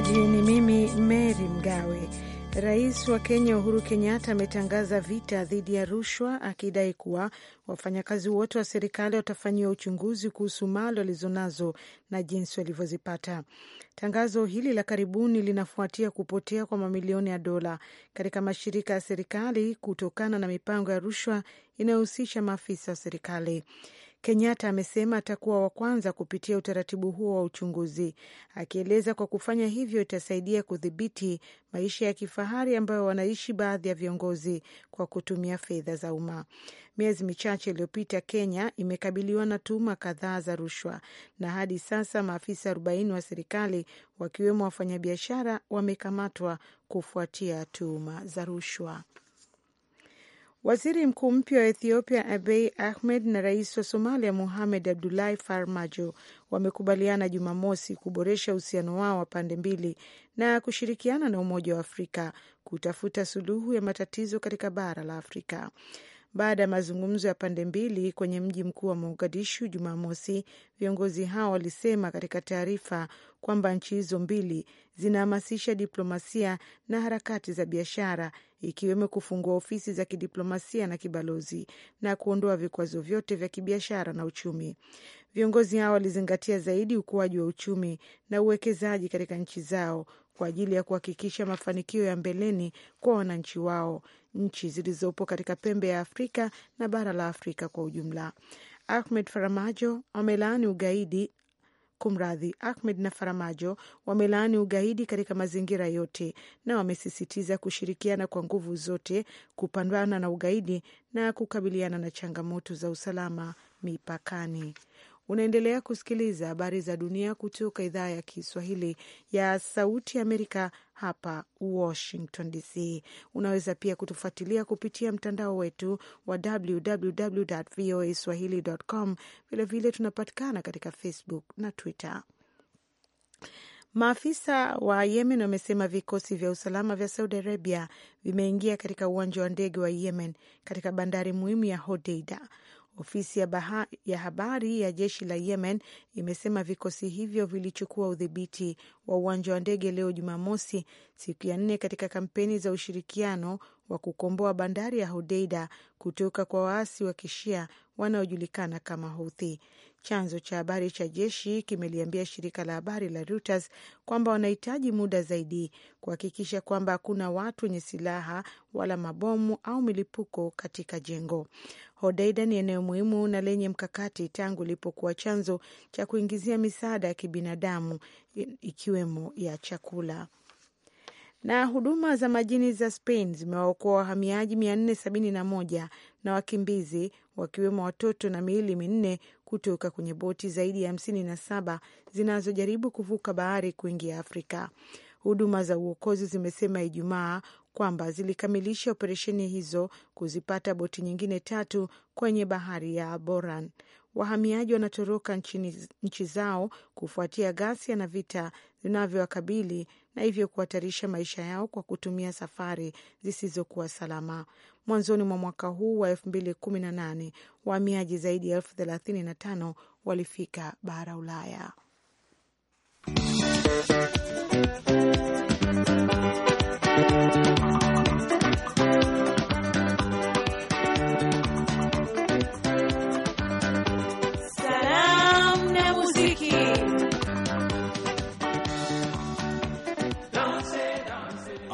msikilizaji, ni mimi Meri Mgawe. Rais wa Kenya Uhuru Kenyatta ametangaza vita dhidi ya rushwa, akidai kuwa wafanyakazi wote wa serikali watafanyiwa uchunguzi kuhusu mali walizonazo na jinsi walivyozipata. Tangazo hili la karibuni linafuatia kupotea kwa mamilioni ya dola katika mashirika ya serikali kutokana na mipango ya rushwa inayohusisha maafisa wa serikali. Kenyatta amesema atakuwa wa kwanza kupitia utaratibu huo wa uchunguzi, akieleza kwa kufanya hivyo itasaidia kudhibiti maisha ya kifahari ambayo wanaishi baadhi ya viongozi kwa kutumia fedha za umma. Miezi michache iliyopita, Kenya imekabiliwa na tuhuma kadhaa za rushwa, na hadi sasa maafisa 40 wa serikali wakiwemo wafanyabiashara wamekamatwa kufuatia tuhuma za rushwa. Waziri mkuu mpya wa Ethiopia Abiy Ahmed na rais wa Somalia Mohamed Abdullahi Farmajo wamekubaliana Jumamosi kuboresha uhusiano wao wa pande mbili na kushirikiana na Umoja wa Afrika kutafuta suluhu ya matatizo katika bara la Afrika. Baada ya mazungumzo ya pande mbili kwenye mji mkuu wa Mogadishu Jumamosi, viongozi hao walisema katika taarifa kwamba nchi hizo mbili zinahamasisha diplomasia na harakati za biashara ikiwemo kufungua ofisi za kidiplomasia na kibalozi na kuondoa vikwazo vyote vya kibiashara na uchumi. Viongozi hao walizingatia zaidi ukuaji wa uchumi na uwekezaji katika nchi zao kwa ajili ya kuhakikisha mafanikio ya mbeleni kwa wananchi wao, nchi zilizopo katika pembe ya Afrika na bara la Afrika kwa ujumla. Ahmed Faramajo amelaani ugaidi Kumradhi, Ahmed na Faramajo wamelaani ugaidi katika mazingira yote na wamesisitiza kushirikiana kwa nguvu zote kupambana na ugaidi na kukabiliana na changamoto za usalama mipakani. Unaendelea kusikiliza habari za dunia kutoka idhaa ya Kiswahili ya Sauti Amerika hapa Washington DC. Unaweza pia kutufuatilia kupitia mtandao wetu wa www voa swahili.com. Vilevile tunapatikana katika Facebook na Twitter. Maafisa wa Yemen wamesema vikosi vya usalama vya Saudi Arabia vimeingia katika uwanja wa ndege wa Yemen katika bandari muhimu ya Hodeida Ofisi ya, baha, ya habari ya jeshi la Yemen imesema vikosi hivyo vilichukua udhibiti wa uwanja wa ndege leo Jumamosi, siku ya nne katika kampeni za ushirikiano wa kukomboa bandari ya Hodeida kutoka kwa waasi wa kishia wanaojulikana kama Houthi. Chanzo cha habari cha jeshi kimeliambia shirika la habari la Reuters kwamba wanahitaji muda zaidi kuhakikisha kwamba hakuna watu wenye silaha wala mabomu au milipuko katika jengo. Hodeida ni eneo muhimu na lenye mkakati tangu ilipokuwa chanzo cha kuingizia misaada ya kibinadamu ikiwemo ya chakula. Na huduma za majini za Spain zimewaokoa wahamiaji 471 na wakimbizi wakiwemo watoto na miili minne kutoka kwenye boti zaidi ya hamsini na saba zinazojaribu kuvuka bahari kuingia Afrika. Huduma za uokozi zimesema Ijumaa kwamba zilikamilisha operesheni hizo kuzipata boti nyingine tatu kwenye bahari ya Boran wahamiaji wanatoroka nchini, nchi zao kufuatia ghasia na vita vinavyowakabili na hivyo kuhatarisha maisha yao kwa kutumia safari zisizokuwa salama. Mwanzoni mwa mwaka huu wa elfu mbili kumi na nane wahamiaji zaidi ya elfu thelathini na tano walifika bara Ulaya.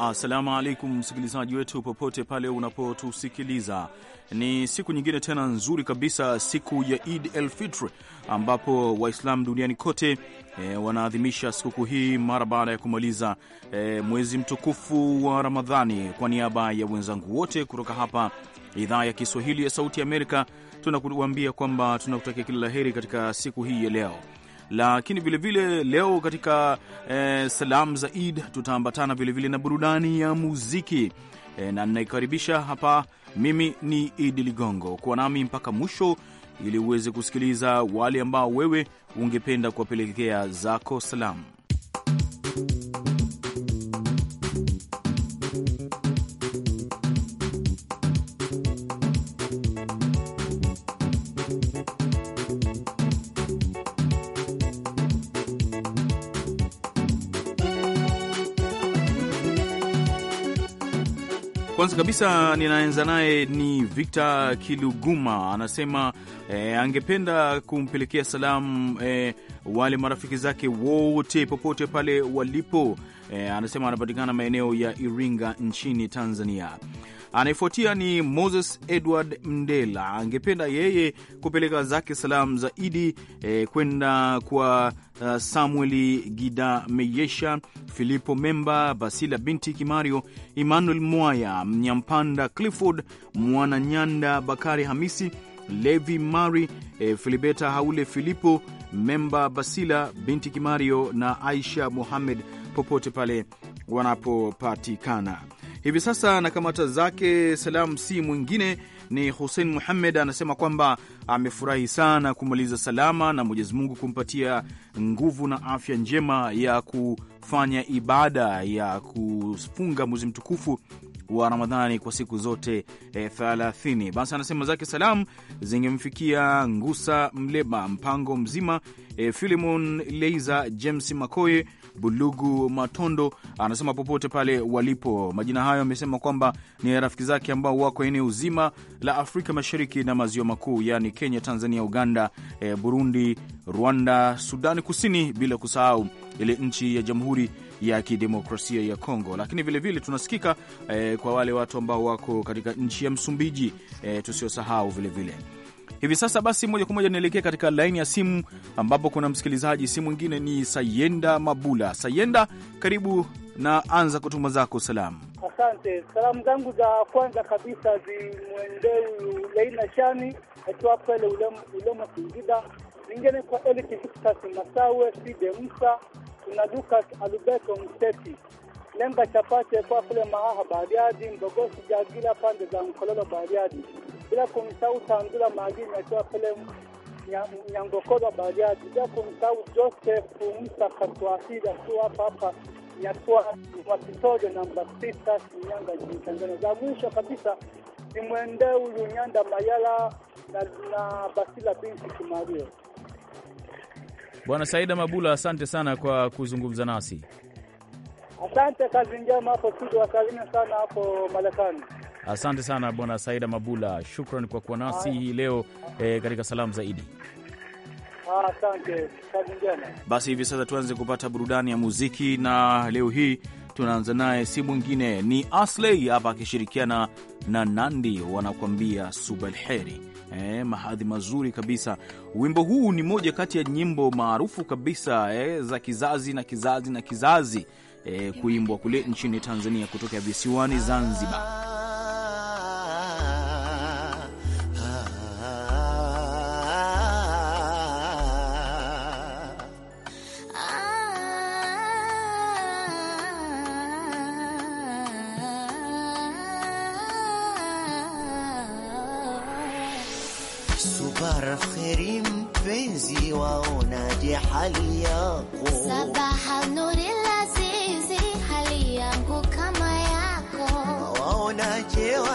Assalamu alaikum, msikilizaji wetu popote pale unapotusikiliza. Ni siku nyingine tena nzuri kabisa, siku ya Eid el Fitr, ambapo Waislamu duniani kote e, wanaadhimisha sikukuu hii mara baada ya kumaliza e, mwezi mtukufu wa Ramadhani. Kwa niaba ya wenzangu wote kutoka hapa idhaa ya Kiswahili ya Sauti ya Amerika, tunakuambia kwamba tunakutakia kila la heri katika siku hii ya leo lakini vilevile leo katika eh, salamu za Eid tutaambatana vilevile na burudani ya muziki eh, na ninaikaribisha hapa. Mimi ni Idi Ligongo, kuwa nami mpaka mwisho ili uweze kusikiliza wale ambao wewe ungependa kuwapelekea zako salamu. Kwanza kabisa ninaanza naye ni Victor Kiluguma, anasema e, angependa kumpelekea salamu e, wale marafiki zake wote popote pale walipo. E, anasema anapatikana maeneo ya Iringa nchini Tanzania. Anayefuatia ni Moses Edward Mndela, angependa yeye kupeleka zake salamu zaidi e, kwenda kwa uh, eh, Samueli Gida Meyesha, Filipo Memba, Basila binti Kimario, Emmanuel Mwaya, Mnyampanda Clifford, Mwananyanda Bakari Hamisi, Levi Mari, e, Filibeta Haule, Filipo Memba, Basila binti Kimario na Aisha muhammed popote pale wanapopatikana hivi sasa na kamata zake salamu si mwingine ni Hussein Muhammed anasema kwamba amefurahi sana kumaliza salama na Mwenyezi Mungu kumpatia nguvu na afya njema ya kufanya ibada ya kufunga mwezi mtukufu wa Ramadhani kwa siku zote e, thalathini. Basi anasema zake salamu zingemfikia Ngusa Mleba, mpango mzima, e, Filimon Leiza, James Makoye Bulugu Matondo anasema popote pale walipo. Majina hayo amesema kwamba ni rafiki zake ambao wako eneo zima la Afrika Mashariki na maziwa makuu, yaani Kenya, Tanzania, Uganda, e, Burundi, Rwanda, Sudani Kusini, bila kusahau ile nchi ya Jamhuri ya Kidemokrasia ya Kongo. Lakini vilevile vile tunasikika e, kwa wale watu ambao wako katika nchi ya Msumbiji e, tusiosahau vilevile vile hivi sasa. Basi moja kwa moja nielekee katika laini ya simu ambapo kuna msikilizaji, si mwingine ni Sayenda Mabula. Sayenda, karibu na anza kutuma zako salamu. Asante. Salamu zangu za kwanza kabisa zimwendee Laina Shani akiwa pale Ulema Singida, ningine kwa Elikiitas Masawe Side Musa, kuna Lukas Alubeto Mseti Lemba Chapate kwa kule Mahaha Bariadi Mbogosi Jagila pande za Mkololo Bariadi bila kumsahau Tandula Magi akiwa pale Nyangokoba Bariadi, bila kumsahau Joseph Musa Katwahida tu hapa hapa natoa Mwakitojo namba sita Shinyanga nchini Tanzania. Za mwisho kabisa ni mwendee huyu Nyanda Mayala na, na Basila binti Kimario. Bwana Saida Mabula, asante sana kwa kuzungumza nasi. Asante, kazi njema hapo studio. Wasalimia sana hapo Marekani. Asante sana Bwana Saida Mabula, shukran kwa kuwa nasi hii leo eh, katika salamu zaidi. Asante, kazi njema. Basi hivi sasa tuanze kupata burudani ya muziki, na leo hii tunaanza naye, si mwingine ni Asley hapa akishirikiana na Nandi, wanakuambia subalheri. Eh, mahadhi mazuri kabisa. Wimbo huu ni moja kati ya nyimbo maarufu kabisa eh, za kizazi na kizazi na kizazi eh, kuimbwa kule nchini Tanzania kutokea visiwani Zanzibar.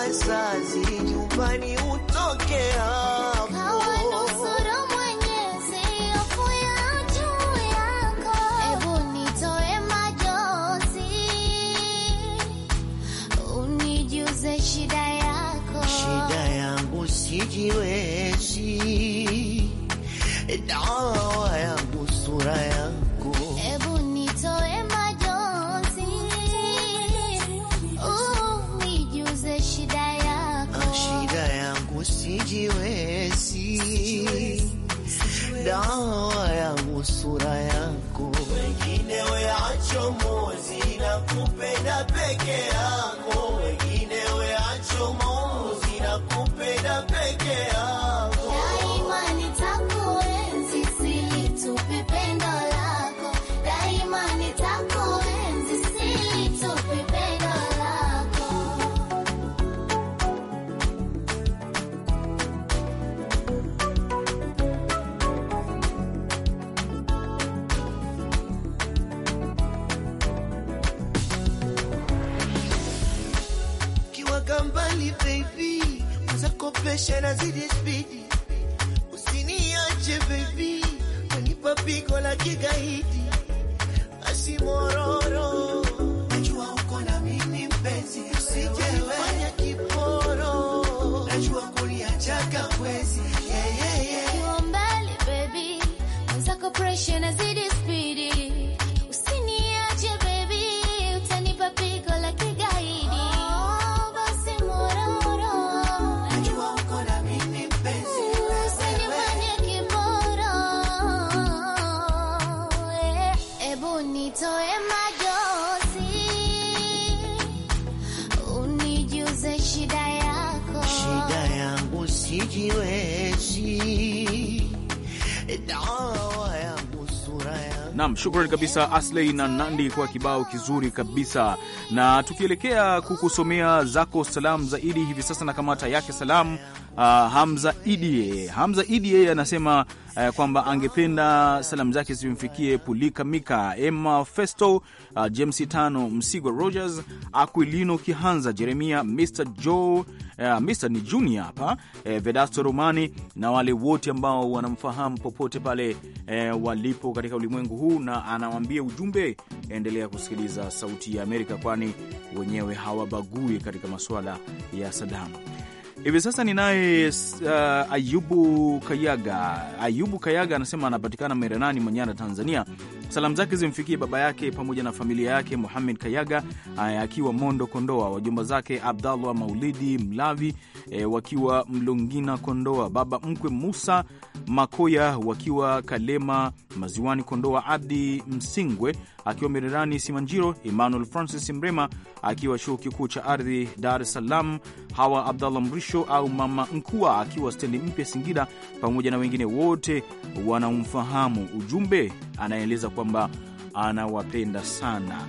wazazi nyumbani utokea nam majozi, unijuze shida yako. Shida yangu sijiwezi, shukrani kabisa Asley na Nandi kwa kibao kizuri kabisa, na tukielekea kukusomea zako salamu zaidi hivi sasa na kamata yake salamu. Uh, Hamza Idi Hamza Idi yeye anasema eh, kwamba angependa salamu zake zimfikie Pulika Mika, Emma Festo, uh, James Tano Msigwa, Rogers Aquilino Kihanza, Jeremia, Mr Joe, uh, eh, Mr ni Junior hapa, eh, Vedasto Romani na wale wote ambao wanamfahamu popote pale, eh, walipo katika ulimwengu huu, na anawaambia ujumbe, endelea kusikiliza Sauti ya Amerika, kwani wenyewe hawabagui katika masuala ya Sadamu. Hivi sasa ninaye uh, Ayubu Kayaga. Ayubu Kayaga anasema anapatikana Merenani, Manyara, Tanzania. Salamu zake zimfikie baba yake pamoja na familia yake Muhamed Kayaga eh, akiwa Mondo, Kondoa, wajumba zake Abdallah Maulidi Mlavi e, wakiwa Mlongina, Kondoa, baba mkwe Musa Makoya wakiwa Kalema Maziwani, Kondoa, Abdi Msingwe akiwa Mererani Simanjiro, Emmanuel Francis Mrema akiwa chuo kikuu cha ardhi Dar es Salaam, Hawa Abdallah Mrisho au Mama Nkua akiwa stendi mpya Singida, pamoja na wengine wote wanaomfahamu. Ujumbe anaeleza kwamba anawapenda sana.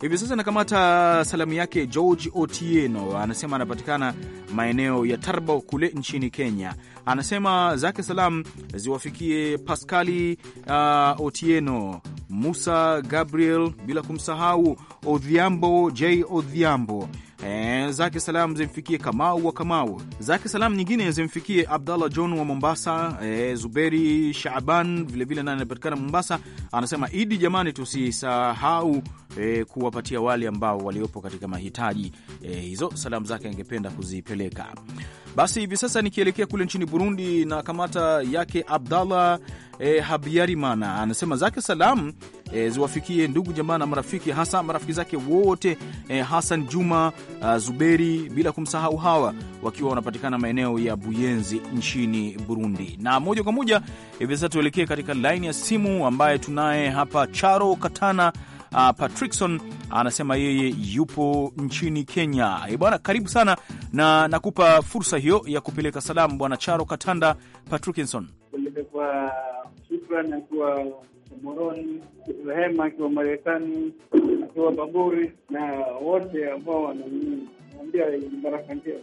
Hivi sasa nakamata salamu yake George Otieno, anasema anapatikana maeneo ya Tarbo kule nchini Kenya. Anasema zake salam ziwafikie Paskali uh, Otieno, Musa Gabriel, bila kumsahau Odhiambo J Odhiambo, E, zake salamu zimfikie Kamau wa Kamau, zake salamu nyingine zimfikie Abdallah John wa Mombasa, e, Zuberi shaban vilevile naye anapatikana Mombasa. Anasema Idi jamani, tusisahau e, kuwapatia wale ambao waliopo katika mahitaji. E, hizo salamu zake angependa kuzipeleka. Basi hivi sasa nikielekea kule nchini Burundi na kamata yake Abdallah e, mana anasema zake salamu e, ziwafikie ndugu jamaa na marafiki, hasa marafiki zake wote e, Hasan Juma a, Zuberi, bila kumsahau hawa wakiwa wanapatikana maeneo ya Buyenzi nchini Burundi. Na moja kwa moja hivi sasa tuelekee katika laini ya simu, ambaye tunaye hapa Charo Katana Uh, Patrickson anasema yeye yupo nchini Kenya. E, bwana karibu sana na nakupa fursa hiyo ya kupeleka salamu, bwana Charo Katanda Patrickinson kupeleka kwa shukrani akiwa Moroni, Rehema akiwa Marekani, akiwa Baburi na wote ambao wanaambia baraka njema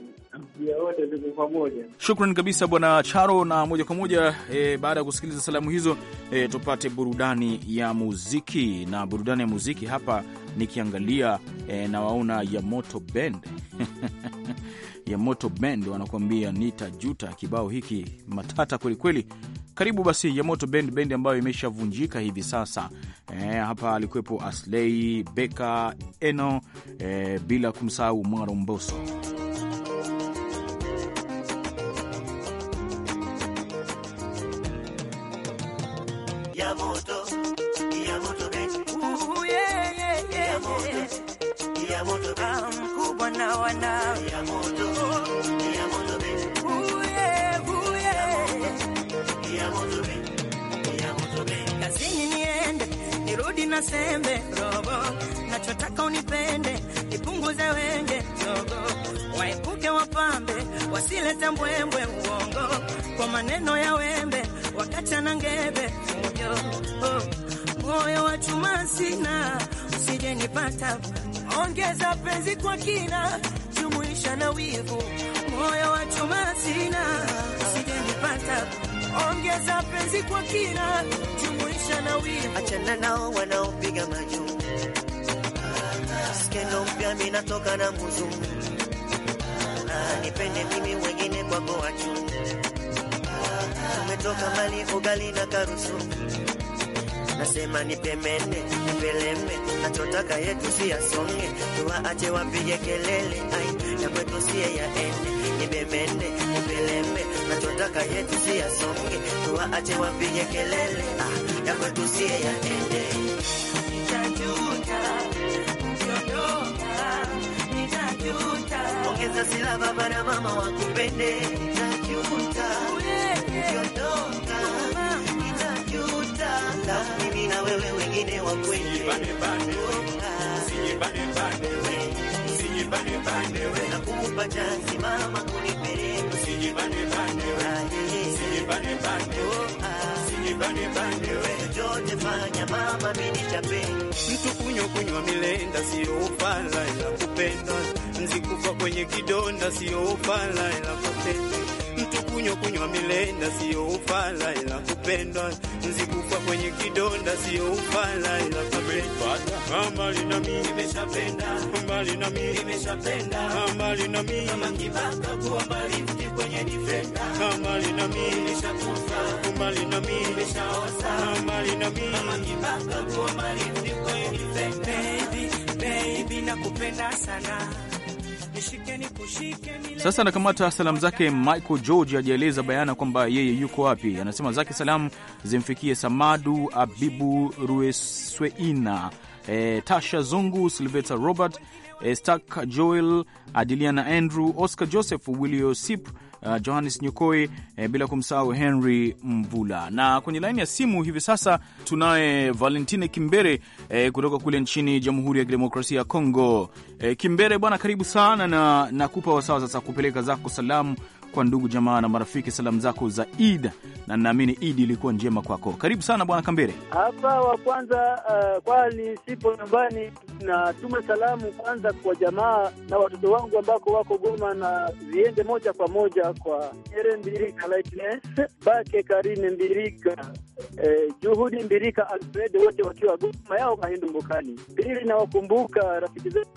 Shukran kabisa Bwana Charo, na moja kwa moja e, baada ya kusikiliza salamu hizo e, tupate burudani ya muziki. Na burudani ya muziki hapa nikiangalia e, nawaona ya Moto Bend ya Moto Bend wanakuambia nitajuta. Kibao hiki matata kwelikweli. Karibu basi ya Moto Bend, bendi ambayo imeshavunjika hivi sasa. E, hapa alikuwepo Aslei Beka Eno, e, bila kumsahau mwaro mboso sina sembe robo, nachotaka unipende, nipunguze wenge zogo, waepuke wapambe, wasilete mbwembwe uongo, kwa maneno ya wembe wakacha na ngebe fujo, oh, moyo oh, wa chuma sina, usije nipata, ongeza penzi kwa kina, jumuisha na wivu, moyo wa chuma sina, usije nipata ongeza penzi kwa kina, jumuisha na wimbo, achana nao wanaopiga majuu. Skendo mpya minatoka na muzu, nipende mimi wengine kwako wachu, tumetoka mbali, ugali na karusu Nasema nipemene nipeleme, nachotaka yetu si yasonge, tuwaache wapige kelele, ai ya kwetu siye yaende, nipemene nipeleme tunachotaka yetu si yasonge, tuwaache wapige kelele, ah, ya kwetu si yaende. Ongeza silaha baba na mama wakupende. Nitajuta, Mimi na wewe wengine wakwende. Usijibanebane chansi mama kuni Mtu kunywa kunywa milenda sio ufala ila kupenda, nzi kwenye kidonda sio ufala ila kupenda. Mtu kunywa kunywa milenda sio ufala ila kupenda, nzi kwenye kidonda sio ufala ila kupenda. Mbali na mimi nimeshapenda, mbali na mimi nimeshapenda, mbali na mimi kama kibaka kuwa mbali sasa anakamata salamu zake Michael George, ajaeleza bayana kwamba yeye yuko wapi. Anasema zake salamu zimfikie Samadu Abibu Ruesweina, e, Tasha Zungu, Silveta Robert, eh, Stak Joel, Adiliana Andrew, Oscar Joseph, Willio Sip Uh, Johannes Nyokoi eh, bila kumsahau Henry Mvula. Na kwenye laini ya simu hivi sasa tunaye Valentine Kimbere eh, kutoka kule nchini Jamhuri ya Kidemokrasia ya Kongo. Eh, Kimbere bwana, karibu sana na nakupa wasawa sasa kupeleka zako salamu kwa ndugu jamaa na marafiki, salamu zako za id na naamini id ilikuwa njema kwako. Karibu sana bwana Kambere. Hapa wa kwanza uh, kwani sipo nyumbani natume salamu kwanza kwa jamaa na watoto wangu ambako wako Goma, na ziende moja kwa moja kwa Ere Mbirika Lightness Bake Karine Mbirika eh, Juhudi Mbirika Alfred wote wakiwa Goma yao Kahindu Mbukani. Pili nawakumbuka rafiki zetu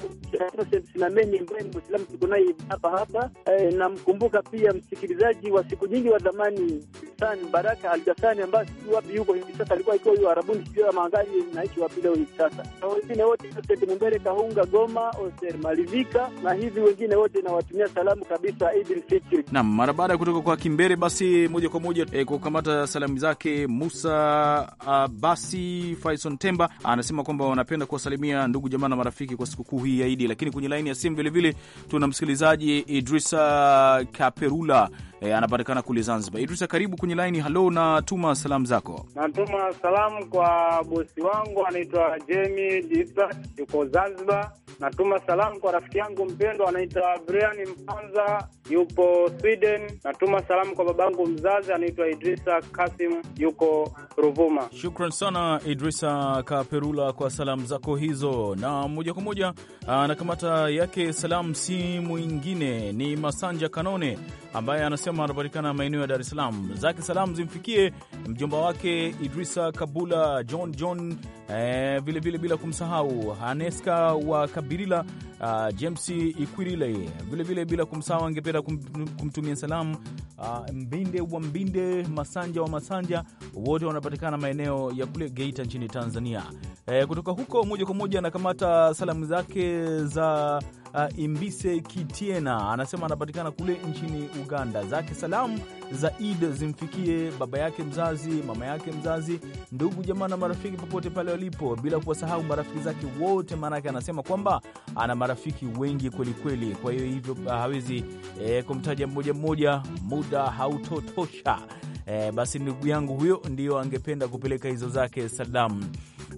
na Menyi ambaye Muislamu tuko naye hapa hapa. Eh, namkumbuka pia msikilizaji wa siku nyingi wa zamani San Baraka Aljasani ambaye si wapi yuko hivi sasa, alikuwa ikiwa yuko Arabuni, sio maangali naishi wapi leo hivi sasa, na wengine wote Sete Mumbere Kahunga Goma Oser Malivika na hivi wengine wote nawatumia salamu kabisa Idil Fitri. Naam, mara baada ya kutoka kwa Kimbere, basi moja kwa moja eh, kukamata salamu zake mu Musa Abasi uh, Faison Temba anasema kwamba wanapenda kuwasalimia ndugu jamaa na marafiki kwa sikukuu hii ya Idi. Lakini kwenye laini ya simu vilevile tuna msikilizaji Idrisa Kaperula e, anapatikana kule Zanzibar. Idrisa, karibu kwenye laini. Halo, natuma salamu zako. Natuma salamu kwa bosi wangu anaitwa Jemi Disa, yuko Zanzibar. Natuma salamu kwa rafiki yangu mpendwa anaitwa Brian Mpanza, yupo Sweden. Natuma salamu kwa babangu mzazi anaitwa Idrisa Kasim, yuko Ruvuma. Shukran sana Idrisa Kaperula kwa salamu zako hizo, na moja kwa moja anakamata yake salamu si mwingine ni Masanja Kanone ambaye anas Kisema anapatikana maeneo ya Dar es Salaam. Zake salamu zimfikie mjomba wake Idrisa Kabula, John John vilevile eh, vile bila kumsahau Haneska wa Kabirila, uh, James Ikwirile, vilevile vile bila kumsahau, angependa kum, kumtumia salamu uh, Mbinde wa Mbinde, Masanja wa Masanja, wote wanapatikana maeneo ya kule Geita nchini Tanzania. E, kutoka huko moja kwa moja anakamata salamu zake za uh, Imbise Kitiena, anasema anapatikana kule nchini Uganda, zake salamu za Eid zimfikie baba yake mzazi, mama yake mzazi, ndugu jamaa na marafiki popote pale walipo, bila kuwasahau marafiki zake wote, maanake anasema kwamba ana marafiki wengi kwelikweli. Kwa hiyo hivyo ah, hawezi e, kumtaja mmoja mmoja, muda hautotosha. E, basi ndugu yangu huyo ndiyo angependa kupeleka hizo zake salamu.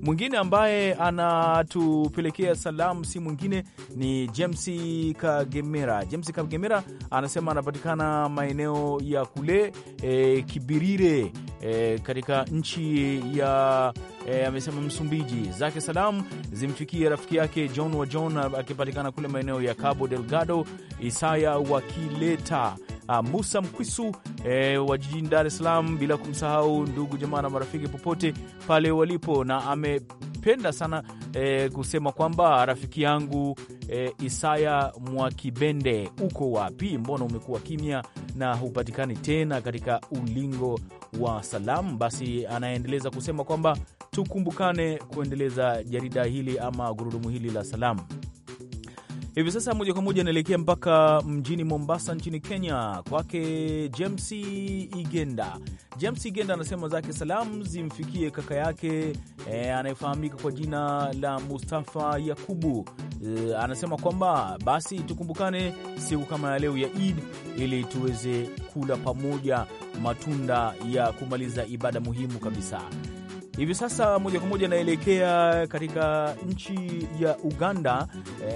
Mwingine ambaye anatupelekea salamu si mwingine ni James Kagemera. James Kagemera anasema anapatikana maeneo ya kule e, Kibirire e, katika nchi ya e, amesema Msumbiji. Zake salamu zimfikia rafiki yake John wa John akipatikana kule maeneo ya Cabo Delgado, Isaya wakileta Musa Mkwisu e, wa jijini Dar es Salaam, bila kumsahau ndugu jamaa na marafiki popote pale walipo, na amependa sana e, kusema kwamba rafiki yangu e, Isaya Mwakibende, uko wapi? Mbona umekuwa kimya na hupatikani tena katika ulingo wa salam basi anaendeleza kusema kwamba tukumbukane kuendeleza jarida hili ama gurudumu hili la salamu Hivi sasa moja kwa moja anaelekea mpaka mjini Mombasa nchini Kenya, kwake James Igenda. James Igenda anasema zake salamu zimfikie kaka yake e, anayefahamika kwa jina la Mustafa Yakubu. E, anasema kwamba basi tukumbukane siku kama ya leo ya Eid ili tuweze kula pamoja matunda ya kumaliza ibada muhimu kabisa. Hivi sasa moja kwa moja naelekea katika nchi ya Uganda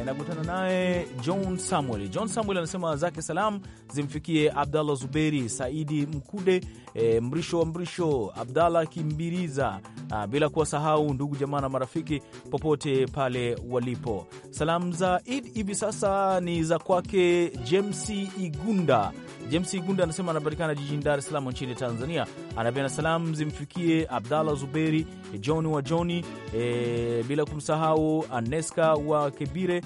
e, nakutana naye John Samuel. John Samuel anasema zake salam zimfikie Abdallah Zuberi Saidi Mkude, e, Mrisho wa Mrisho, Abdallah Kimbiriza, a, ah, bila kuwasahau ndugu jamaa na marafiki popote pale walipo. Salamu za Id hivi sasa ni za kwake James Igunda James igunde anasema anapatikana jijini Dar es Salaam nchini Tanzania. Anapenda salamu zimfikie Abdallah Zuberi John wa Johni e, bila kumsahau Aneska wa Kebire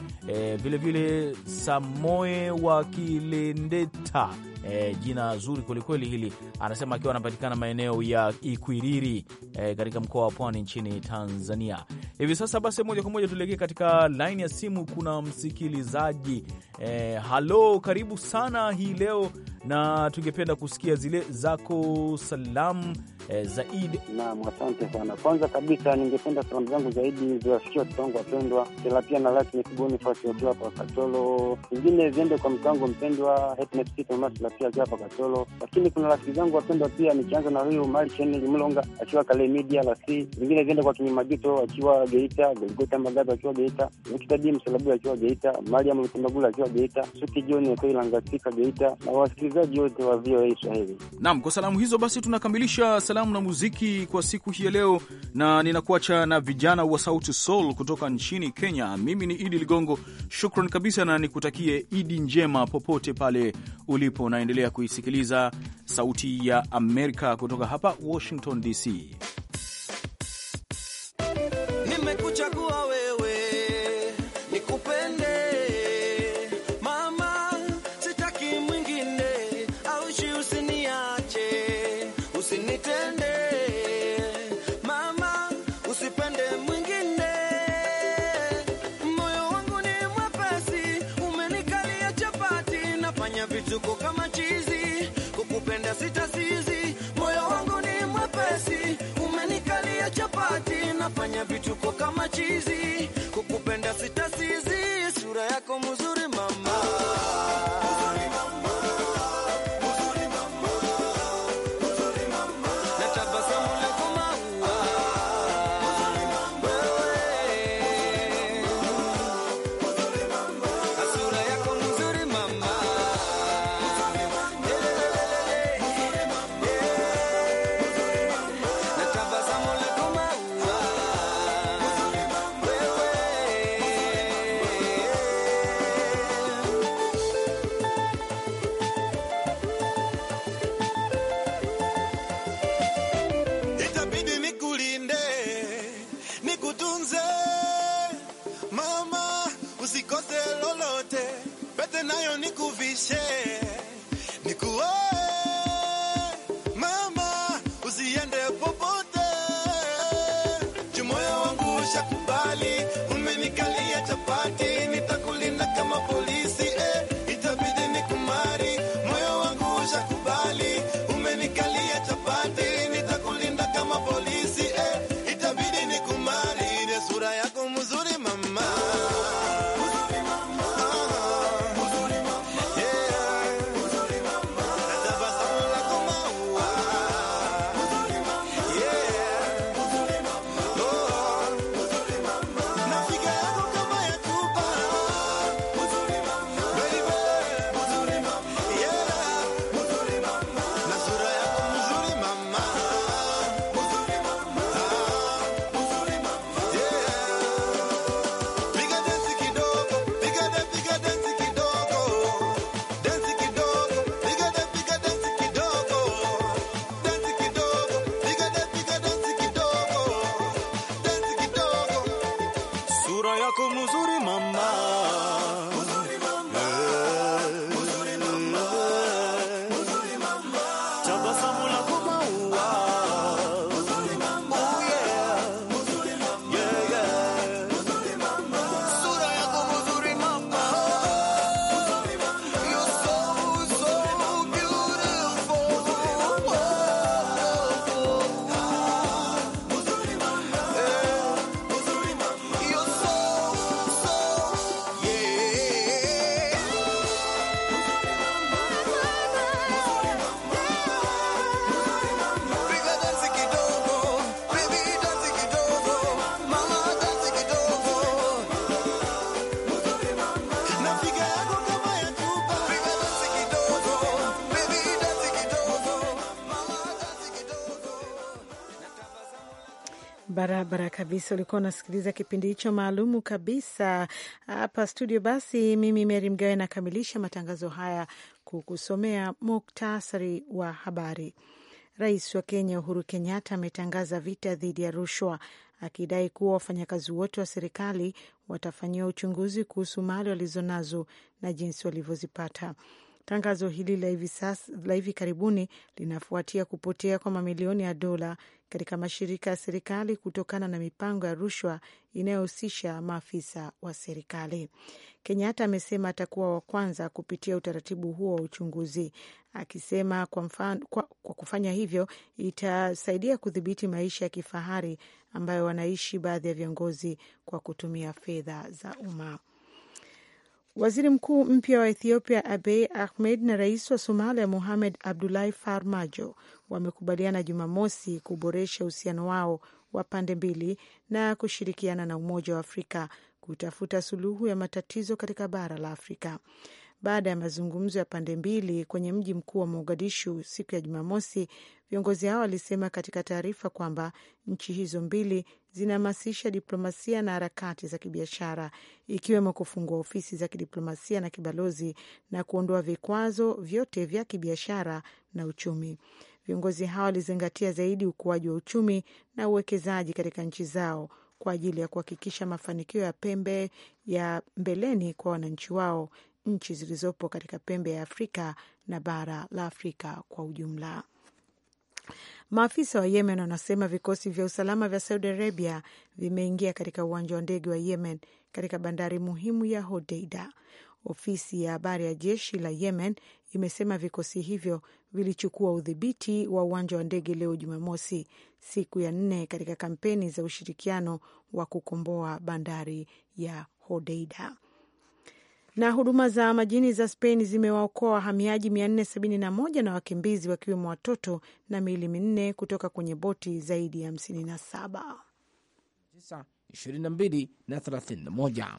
vilevile e, Samoe wa Kilendeta e, jina zuri kwelikweli hili. Anasema akiwa anapatikana maeneo ya Ikwiriri e, katika mkoa wa Pwani nchini Tanzania. Hivi sasa basi, moja kwa moja tuelekee katika laini ya simu. Kuna msikilizaji e, halo, karibu sana hii leo na tungependa kusikia zile zako salamu e, eh, za Idi. Naam, asante sana. Kwanza kabisa ningependa salamu zangu zaidi ziwafikia watoto wangu wapendwa Kelapia na Latmik Bonifas wakiwa hapa Katolo, zingine ziende kwa mke wangu mpendwa Hetnet Thomas akiwa hapa Katolo, lakini kuna rafiki zangu wapendwa pia, nikianza na huyu Mari Cheneli Mlonga akiwa Kale Media Lasi, zingine ziende kwa Kinyimajito akiwa Geita, Golgota Magaza akiwa Geita, Mkitadi Msalabu akiwa Geita, Mariam Mtembagula akiwa Geita, Suki Joni Akoilangasika Geita na wasikilizaji wasikilizaji wote wa VOA Swahili. Naam, kwa salamu hizo basi tunakamilisha salamu na muziki kwa siku hii ya leo, na ninakuacha na vijana wa Sauti Sol kutoka nchini Kenya. Mimi ni Idi Ligongo, shukran kabisa na nikutakie Idi njema popote pale ulipo. Unaendelea kuisikiliza Sauti ya Amerika kutoka hapa Washington DC. Barabara kabisa, ulikuwa unasikiliza kipindi hicho maalumu kabisa hapa studio. Basi mimi Meri Mgawe nakamilisha matangazo haya kukusomea muktasari wa habari. Rais wa Kenya Uhuru Kenyatta ametangaza vita dhidi ya rushwa akidai kuwa wafanyakazi wote wa serikali watafanyiwa uchunguzi kuhusu mali walizonazo na jinsi walivyozipata. Tangazo hili la hivi karibuni linafuatia kupotea kwa mamilioni ya dola katika mashirika ya serikali kutokana na mipango ya rushwa inayohusisha maafisa wa serikali. Kenyatta amesema atakuwa wa kwanza kupitia utaratibu huo wa uchunguzi, akisema kwa, mfano, kwa, kwa kufanya hivyo itasaidia kudhibiti maisha ya kifahari ambayo wanaishi baadhi ya viongozi kwa kutumia fedha za umma. Waziri mkuu mpya wa Ethiopia Abiy Ahmed na rais wa Somalia Mohamed Abdullahi Farmajo wamekubaliana Jumamosi kuboresha uhusiano wao wa pande mbili na kushirikiana na Umoja wa Afrika kutafuta suluhu ya matatizo katika bara la Afrika. Baada ya mazungumzo ya pande mbili kwenye mji mkuu wa Mogadishu siku ya Jumamosi, viongozi hao walisema katika taarifa kwamba nchi hizo mbili zinahamasisha diplomasia na harakati za kibiashara, ikiwemo kufungua ofisi za kidiplomasia na kibalozi na kuondoa vikwazo vyote vya kibiashara na uchumi viongozi hao walizingatia zaidi ukuaji wa uchumi na uwekezaji katika nchi zao kwa ajili ya kuhakikisha mafanikio ya pembe ya mbeleni kwa wananchi wao, nchi zilizopo katika pembe ya Afrika na bara la Afrika kwa ujumla. Maafisa wa Yemen wanasema vikosi vya usalama vya Saudi Arabia vimeingia katika uwanja wa ndege wa Yemen katika bandari muhimu ya Hodeida. Ofisi ya habari ya jeshi la Yemen imesema vikosi hivyo vilichukua udhibiti wa uwanja wa ndege leo Jumamosi, siku ya nne katika kampeni za ushirikiano wa kukomboa bandari ya Hodeida. Na huduma za majini za Spain zimewaokoa wahamiaji 471 na wakimbizi wakiwemo watoto na miili minne kutoka kwenye boti zaidi ya 57 22 na 31.